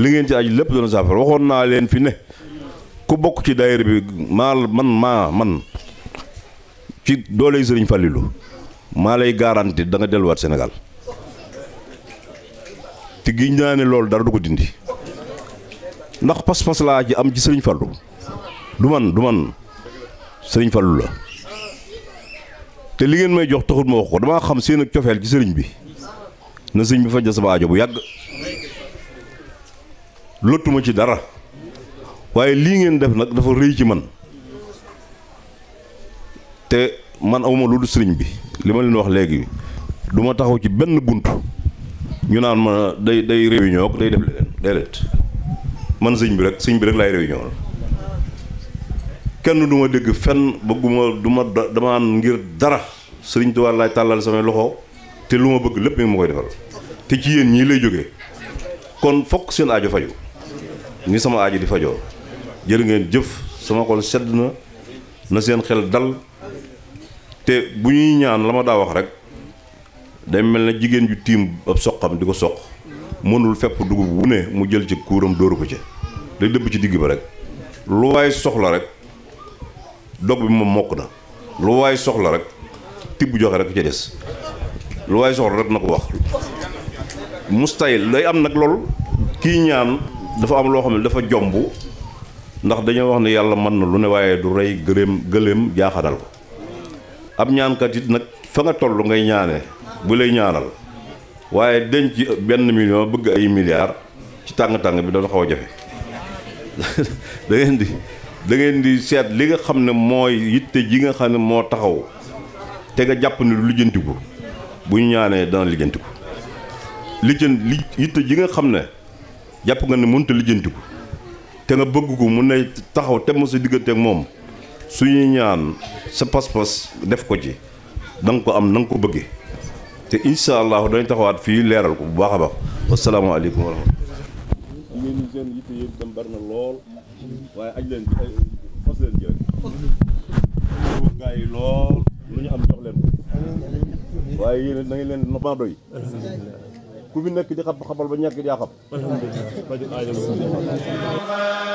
li ngeen ci aj lépp doon saafara waxoon naa leen fi ne ku bokk ci daayira bi maa man maa man ci dooley sëriñ Fallilou maa lay garanti danga delluwaat Sénégal te giñ naa ne loolu dara du ko dindi ndax pas-pas laa ci am ci sëriñ Fallou du man du man sëriñ Fallou la te li ngeen may jox taxul ma wax ko damaa xam seen ak cofeel ci sëriñ bi na sëriñ bi faj na sama bu yàgg. lottuma ci dara waaye lii ngeen def nag dafa rëy ci man te man awuma lu dul sëriñ bi li ma leen wax léegi du ma taxaw ci benn bunt ñu naan ma day day réunion day def leneen déedéet man sëñ bi rek sëñ bi rek laay réunion la kenn du ma dégg fenn bëgguma du ma dama ngir dara sëriñ Tuubaa laay tàllal samay loxo te lu ma bëgg lépp mi ngi ma koy defal te ci yéen ñii lay jóge kon fokk seen aajo faju ni sama aji di fajo jërë ngeen jëf sama xol sedna na seen xel dal te bu ñuy ñaan lama da wax rek day mel jigen ju tim ab soxam diko sox mënul fep dugub wu ne mu jël ci kuram dooru ko ci day dëbb ci digg ba rek lu way soxla rek dog bi mom mokk na lu way soxla rek tibbu joxe rek ci des lu way soxla rek nako wax mustayil day am nak lool ki ñaan dafa am lo xamne dafa jombu ndax dañu wax ni yalla man lu ne waye du reey gëléem gëléem jaaxaral ko ab ñaankat it nak fa nga tollu ngay ñaané bu lay ñaanal deñ ci ben million bëgg ay milliards ci tang tang bi la xaw jafé da ngeen di da ngeen di sét li nga xamne moy yitte ji nga xamne mo taxaw té nga japp ni lu jëntiku bu ñaané dans dana lijjantiku yitte ji nga xamne jàpp nga ne mënta lijjanti te nga bëgg ko mun na taxaw temm sa diggante ak moom suñuy ñaan sa pas-pas def ko ci da ko am na ko bëggee te incha allahu dañ taxawaat fii leeral ko bu baax a baax wasalaamaaleykum wa rahmatulah. ngeen seen na lool waaye aj leen fas leen ji rek gaa yi leen ko waaye doy. ku fi nekk di xam xamal ba ñàkk yaa xam.